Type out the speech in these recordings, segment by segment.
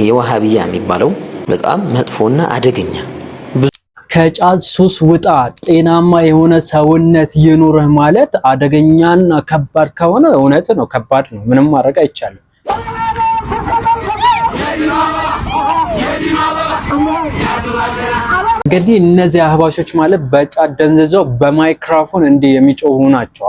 ይሄ ወሃቢያ የሚባለው በጣም መጥፎና አደገኛ ከጫት ሱስ ውጣ፣ ጤናማ የሆነ ሰውነት ይኑርህ ማለት አደገኛና ከባድ ከሆነ እውነት ነው፣ ከባድ ነው። ምንም ማድረግ አይቻልም። እንግዲህ እነዚህ አህባሾች ማለት በጫት ደንዝዘው በማይክራፎን እንዲህ የሚጮሁ ናቸው።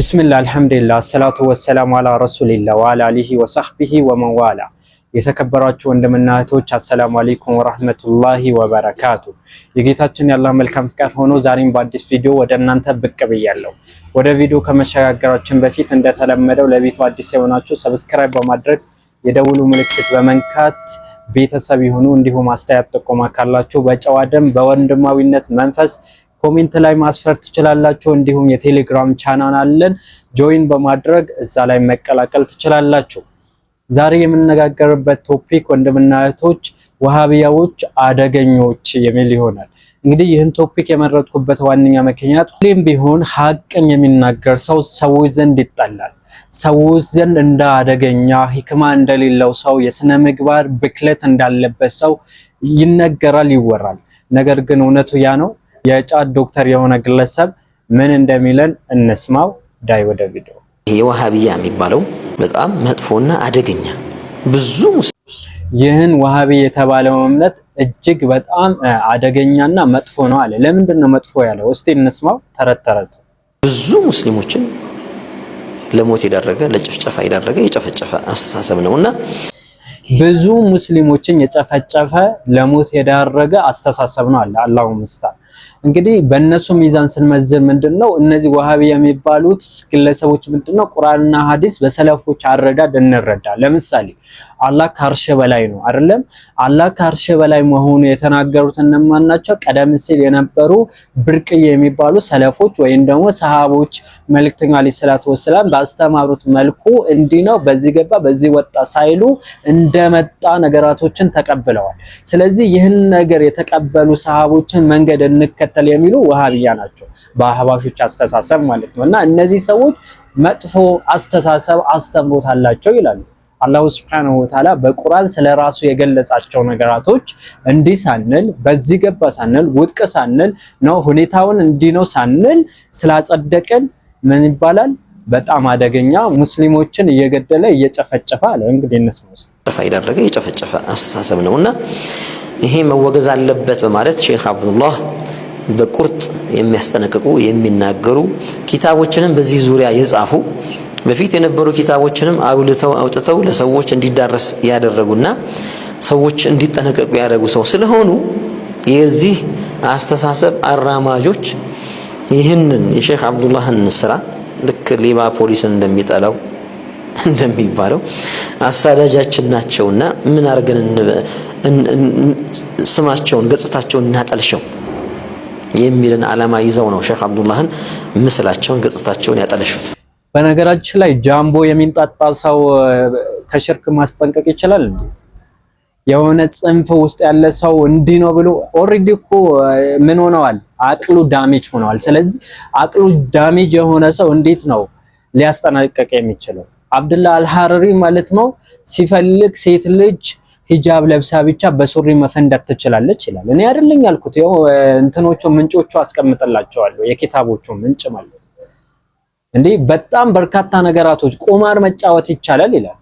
ብስምላ አልሐምዱሊላህ አሰላቱ ወሰላም አላ ረሱሊላ ዋላ አሊሂ ወሰህቢሂ ወመንዋላ። የተከበራችሁ ወንድምና እህቶች አሰላሙ አለይኩም ወራህመቱላሂ ወበረካቱ። የጌታችን ያላህ መልካም ፍቃድ ሆኖ ዛሬም በአዲስ ቪዲዮ ወደ እናንተ ብቅ ብያለሁ። ወደ ቪዲዮ ከመሸጋገራችን በፊት እንደተለመደው ለቤቱ አዲስ የሆናችሁ ሰብስክራይብ በማድረግ የደውሉ ምልክት በመንካት ቤተሰብ የሆኑ እንዲሁም አስተያየት ጥቆማ ካላችሁ በጨዋ ደም በወንድማዊነት መንፈስ ኮሜንት ላይ ማስፈር ትችላላችሁ። እንዲሁም የቴሌግራም ቻናል አለን ጆይን በማድረግ እዛ ላይ መቀላቀል ትችላላችሁ። ዛሬ የምነጋገርበት ቶፒክ ወንድምና እህቶች ወሃቢያዎች አደገኞች የሚል ይሆናል። እንግዲህ ይህን ቶፒክ የመረጥኩበት ዋነኛ ምክንያት ሁሌም ቢሆን ሀቅን የሚናገር ሰው ሰዎች ዘንድ ይጠላል። ሰዎች ዘንድ እንደ አደገኛ፣ ሂክማ እንደሌለው ሰው፣ የስነ ምግባር ብክለት እንዳለበት ሰው ይነገራል፣ ይወራል። ነገር ግን እውነቱ ያ ነው የጫት ዶክተር የሆነ ግለሰብ ምን እንደሚለን እንስማው። ዳይ ወደ ቪዲዮ። ይሄ ወሃቢያ የሚባለው በጣም መጥፎና አደገኛ ብዙ ይህን ወሃቢ የተባለው እምነት እጅግ በጣም አደገኛና መጥፎ ነው አለ። ለምንድን ነው መጥፎ ያለው? እስቲ እንስማው። ተረት ብዙ ሙስሊሞችን ለሞት የዳረገ ለጭፍጨፋ የዳረገ የጨፈጨፈ አስተሳሰብ ነው እና ብዙ ሙስሊሞችን የጨፈጨፈ ለሞት የዳረገ አስተሳሰብ ነው አለ። አላሁ ምስታ እንግዲህ በእነሱ ሚዛን ስንመዝን ምንድን ነው እነዚህ ዋሃቢ የሚባሉት ግለሰቦች ምንድን ነው ቁርአንና ሀዲስ በሰለፎች አረዳድ እንረዳ። ለምሳሌ አላህ ከአርሽ በላይ ነው አይደለም? አላህ ከአርሽ በላይ መሆኑ የተናገሩት እነማን ናቸው? ቀደም ሲል የነበሩ ብርቅዬ የሚባሉ ሰለፎች ወይም ደግሞ ሰሃቦች መልክተኛ አለይሂ ሰላቱ ወሰላም ባስተማሩት መልኩ እንዲህ ነው በዚህ ገባ በዚህ ወጣ ሳይሉ እንደመጣ ነገራቶችን ተቀብለዋል። ስለዚህ ይህን ነገር የተቀበሉ ሰሃቦችን መንገድ እንከተል የሚሉ ወሃቢያ ናቸው፣ በአህባሾች አስተሳሰብ ማለት ነው። እና እነዚህ ሰዎች መጥፎ አስተሳሰብ አስተምሮት አላቸው ይላሉ። አላሁ ስብሐነሁ ወተዓላ በቁርአን ስለ ራሱ የገለጻቸው ነገራቶች እንዲህ ሳንል በዚህ ገባ ሳንል ውድቅ ሳንል ነው ሁኔታውን እንዲህ ነው ሳንል ስላጸደቅን ምን ይባላል? በጣም አደገኛ ሙስሊሞችን እየገደለ እየጨፈጨፈ አለ። እንግዲህ እነሱ ውስጥ ያደረገ የጨፈጨፈ አስተሳሰብ ነውና ይሄ መወገዝ አለበት በማለት ሼክ አብዱላህ በቁርጥ የሚያስጠነቅቁ የሚናገሩ ኪታቦችንም በዚህ ዙሪያ የጻፉ በፊት የነበሩ ኪታቦችንም አውልተው አውጥተው ለሰዎች እንዲዳረስ ያደረጉና ሰዎች እንዲጠነቀቁ ያደረጉ ሰው ስለሆኑ የዚህ አስተሳሰብ አራማጆች ይህንን የሼክ አብዱላህን ስራ ልክ ሌባ ፖሊስን እንደሚጠላው እንደሚባለው አሳዳጃችን ናቸውና ምን አድርገን ስማቸውን ገጽታቸውን እናጠልሸው? የሚልን ዓላማ ይዘው ነው ሼክ አብዱላህን ምስላቸውን፣ ገጽታቸውን ያጠለሹት። በነገራችን ላይ ጃምቦ የሚንጣጣ ሰው ከሽርክ ማስጠንቀቅ ይችላል። የሆነ ጽንፍ ውስጥ ያለ ሰው እንዲህ ነው ብሎ ኦሬዲ እኮ ምን ሆነዋል? አቅሉ ዳሜጅ ሆነዋል። ስለዚህ አቅሉ ዳሜጅ የሆነ ሰው እንዴት ነው ሊያስጠናቀቅ የሚችለው? አብድላ አልሐረሪ ማለት ነው ሲፈልግ ሴት ልጅ ሂጃብ ለብሳ ብቻ በሱሪ መፈንዳት ትችላለች ይላል። እኔ አይደለኝ ያልኩት፣ ያው እንትኖቹ ምንጮቹ አስቀምጥላቸዋለሁ የኪታቦቹ ምንጭ ማለት ነው። እንዴ በጣም በርካታ ነገራቶች ቁማር መጫወት ይቻላል ይላል።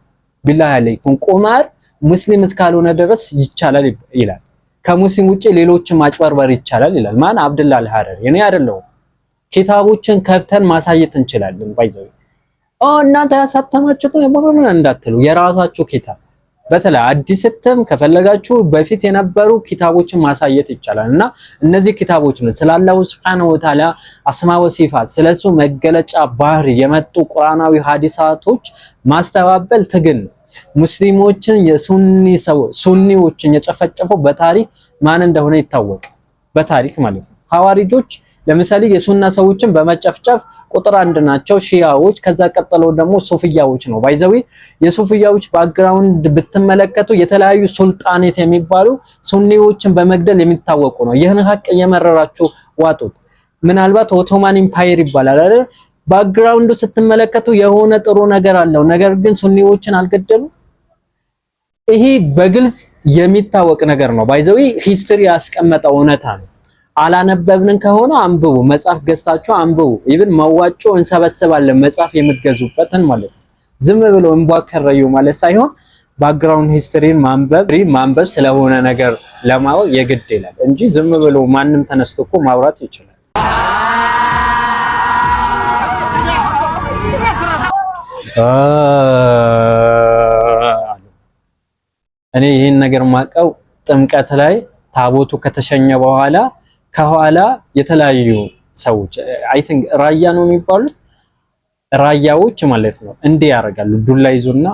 ቢላህ አለይኩም ቁማር ሙስሊም እስካልሆነ ድረስ ይቻላል ይላል። ከሙስሊም ውጪ ሌሎች ማጭበርበር ይቻላል ይላል። ማን አብድላ አልሐረር፣ እኔ አይደለሁም። ኪታቦችን ከፍተን ማሳየት እንችላለን። ባይዘው ኦ እናንተ ያሳተማችሁት ነው እንዳትሉ የራሳችሁ ኪታብ በተለይ አዲስ እትም ከፈለጋችሁ በፊት የነበሩ ኪታቦችን ማሳየት ይቻላል እና እነዚህ ኪታቦች ነው ስለ አላሁ ሱብሓነሁ ወተዓላ አስማ ወሲፋት ስለሱ መገለጫ ባህሪ የመጡ ቁርአናዊ ሀዲሳቶች ማስተባበል ትግል ሙስሊሞችን የሱኒ ሰው ሱኒዎችን የጨፈጨፈው በታሪክ ማን እንደሆነ ይታወቅ፣ በታሪክ ማለት ነው ሐዋሪጆች ለምሳሌ የሱና ሰዎችን በመጨፍጨፍ ቁጥር አንድ ናቸው ሺያዎች። ከዛ ቀጥለው ደግሞ ሱፍያዎች ነው። ባይዘዊ የሱፍያዎች ባክግራውንድ ብትመለከቱ የተለያዩ ሱልጣኔት የሚባሉ ሱኒዎችን በመግደል የሚታወቁ ነው። ይህን ሀቅ እየመረራችሁ ዋጡት። ምናልባት ኦቶማን ኢምፓየር ይባላል አይደል? ባክግራውንዱ ስትመለከቱ የሆነ ጥሩ ነገር አለው፣ ነገር ግን ሱኒዎችን አልገደሉም። ይሄ በግልጽ የሚታወቅ ነገር ነው። ባይዘዊ ሂስትሪ ያስቀመጠው እውነታ ነው። አላነበብንን ከሆነ አንብቡ፣ መጽሐፍ ገዝታችሁ አንብቡ። ኢቭን መዋጮ እንሰበስባለን መጽሐፍ የምትገዙበትን ማለት ነው። ዝም ብሎ እንቧከረዩ ማለት ሳይሆን ባክግራውንድ ሂስትሪ ማንበብ ማንበብ ስለሆነ ነገር ለማወቅ የግድ ይላል እንጂ ዝም ብሎ ማንም ተነስቶ እኮ ማውራት ይችላል። እኔ ይህን ነገር ማቀው ጥምቀት ላይ ታቦቱ ከተሸኘ በኋላ ከኋላ የተለያዩ ሰዎች አይ ቲንክ ራያ ነው የሚባሉት ራያዎች ማለት ነው። እንዴ ያደርጋሉ ዱላ ይዞና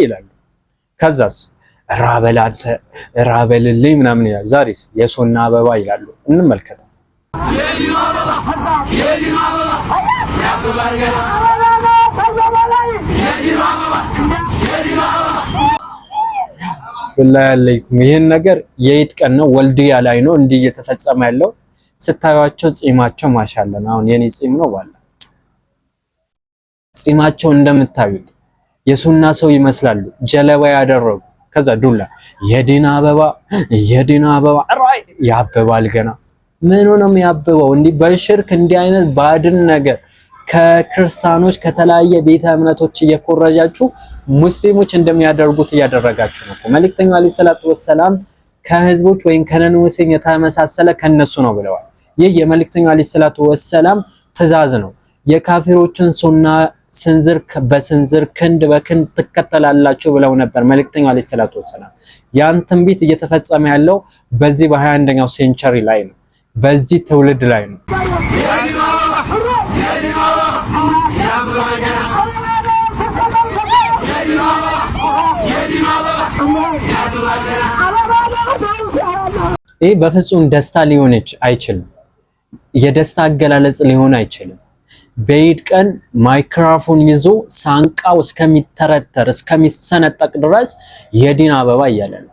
ይላሉ። ከዛስ ራበል አንተ ራበልልኝ ምናምን ይላል። ዛሬስ የሶና አበባ ይላሉ። እንመልከት። ወላሂ አለይኩም ይህን ነገር የኢድ ቀን ነው፣ ወልድያ ላይ ነው እንዲህ እየተፈጸመ ያለው ስታዩቸው፣ ጺማቸው ማሻለን አሁን የኔ ጺም ነው ባላ ጺማቸው እንደምታዩት የሱና ሰው ይመስላሉ። ጀለባ ያደረጉ ከዛ ዱላ የዲና አበባ የዲና አበባ ራይ ያበባል። ገና ምን ሆነም ያብበው እንዲህ በሽርክ እንዲህ አይነት ባድን ነገር ከክርስቲያኖች ከተለያየ ቤተ እምነቶች እየኮረጃችሁ ሙስሊሞች እንደሚያደርጉት እያደረጋችሁ ነው። መልእክተኛው አለይሂ ሰላቱ ወሰላም ከህዝቦች ወይም ከነን ሙስሊም የተመሳሰለ ከነሱ ነው ብለዋል። ይህ የመልእክተኛው አለይሂ ሰላቱ ወሰላም ትእዛዝ ነው። የካፊሮችን ሱና ስንዝር በስንዝር ክንድ በክንድ ትከተላላችሁ ብለው ነበር መልእክተኛው አለይሂ ሰላቱ ወሰላም። ያን ትንቢት እየተፈጸመ ያለው በዚህ በ21ኛው ሴንቸሪ ላይ ነው፣ በዚህ ትውልድ ላይ ነው። ይህ በፍጹም ደስታ ሊሆነች አይችልም። የደስታ አገላለጽ ሊሆን አይችልም። በኢድ ቀን ማይክሮፎን ይዞ ሳንቃው እስከሚተረተር እስከሚሰነጠቅ ድረስ የዲን አበባ እያለ ነው።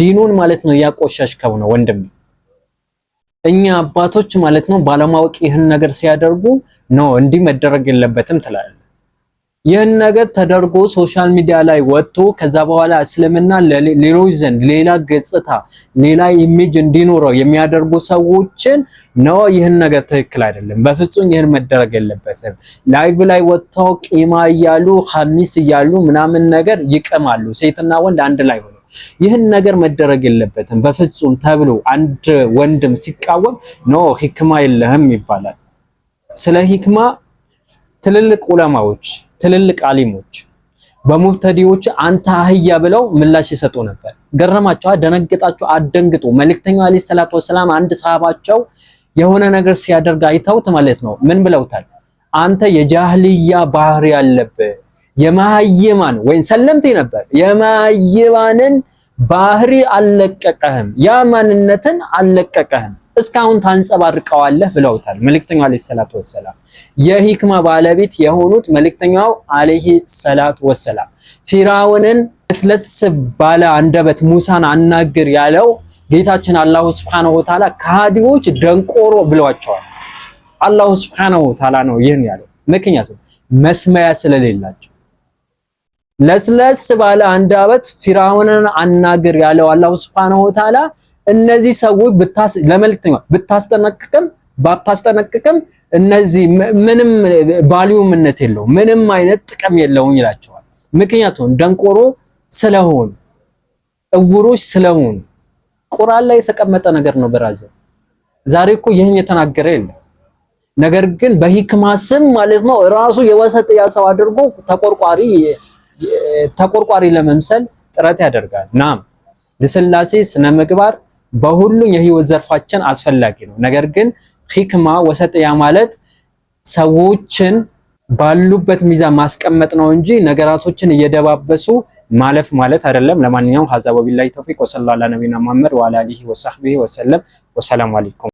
ዲኑን ማለት ነው ከው ነው ወንድም። እኛ አባቶች ማለት ነው ባለማወቅ ይህን ነገር ሲያደርጉ ነው እንዲህ መደረግ የለበትም ትላለ ይህን ነገር ተደርጎ ሶሻል ሚዲያ ላይ ወጥቶ ከዛ በኋላ እስልምና ሌሎች ዘንድ ሌላ ገጽታ፣ ሌላ ኢሜጅ እንዲኖረው የሚያደርጉ ሰዎችን ነው። ይህን ነገር ትክክል አይደለም፣ በፍጹም ይህን መደረግ የለበትም። ላይቭ ላይ ወጥተው ቂማ እያሉ ሀሚስ እያሉ ምናምን ነገር ይቅማሉ፣ ሴትና ወንድ አንድ ላይ ሆነ። ይህን ነገር መደረግ የለበትም በፍጹም ተብሎ አንድ ወንድም ሲቃወም ነ ሂክማ የለህም ይባላል። ስለ ሂክማ ትልልቅ ዑለማዎች ትልልቅ አሊሞች በሙብተዲዎች አንተ አህያ ብለው ምላሽ ይሰጡ ነበር። ገረማቸው፣ ደነግጣቸው፣ አደንግጡ። መልእክተኛው አለይሂ ሰላቱ ወሰላም አንድ ሰሃባቸው የሆነ ነገር ሲያደርግ አይተውት ማለት ነው። ምን ብለውታል? አንተ የጃህልያ ባህሪ ያለብህ የማህይማን ወይም ሰለምት ነበር የማህይማንን ባህሪ አልለቀቀህም፣ ያ ማንነትን አልለቀቀህም። እስካሁን ታንጸባርቀዋለህ ብለውታል መልእክተኛው አለይሂ ሰላቱ ወሰላም። የሂክማ ባለቤት የሆኑት መልእክተኛው አለይሂ ሰላቱ ወሰላም ፊራውንን ስለስ ባለ አንደበት ሙሳን አናግር ያለው ጌታችን አላሁ ስብሐነሁ ወተዓላ ከሃዲዎች ደንቆሮ ብለዋቸዋል። አላሁ ስብሐነሁ ወተዓላ ነው ይህን ያለው፣ ምክንያቱም መስማያ ስለሌላቸው ለስለስ ባለ አንድ አበት ፊራውንን አናግር ያለው አላሁ ሱብሓነሁ ወተዓላ እነዚህ ሰዎች ለመልእክተኛው ብታስጠነቅቅም ባታስጠነቅቅም እነዚህ ምንም ቫሊዩምነት የለው ምንም አይነት ጥቅም የለውም ይላቸዋል። ምክንያቱም ደንቆሮ ስለሆኑ እውሮች ስለሆኑ ቁርአን ላይ የተቀመጠ ነገር ነው። በራዘ ዛሬ እኮ ይህን የተናገረ የለም። ነገር ግን በሂክማ ስም ማለት ነው ራሱ የወሰጥ ያሰው አድርጎ ተቆርቋሪ ተቆርቋሪ ለመምሰል ጥረት ያደርጋል። ናም ልስላሴ ስነ ምግባር በሁሉም የህይወት ዘርፋችን አስፈላጊ ነው። ነገር ግን ሂክማ ወሰጥያ ማለት ሰዎችን ባሉበት ሚዛን ማስቀመጥ ነው እንጂ ነገራቶችን እየደባበሱ ማለፍ ማለት አይደለም። ለማንኛውም ሀዛ ወቢላሂ ተውፊቅ ወሰላላ አላ ነቢና መሐመድ ወአላ አሊሂ ወሰሐቢሂ ወሰለም። ወሰላሙ አለይኩም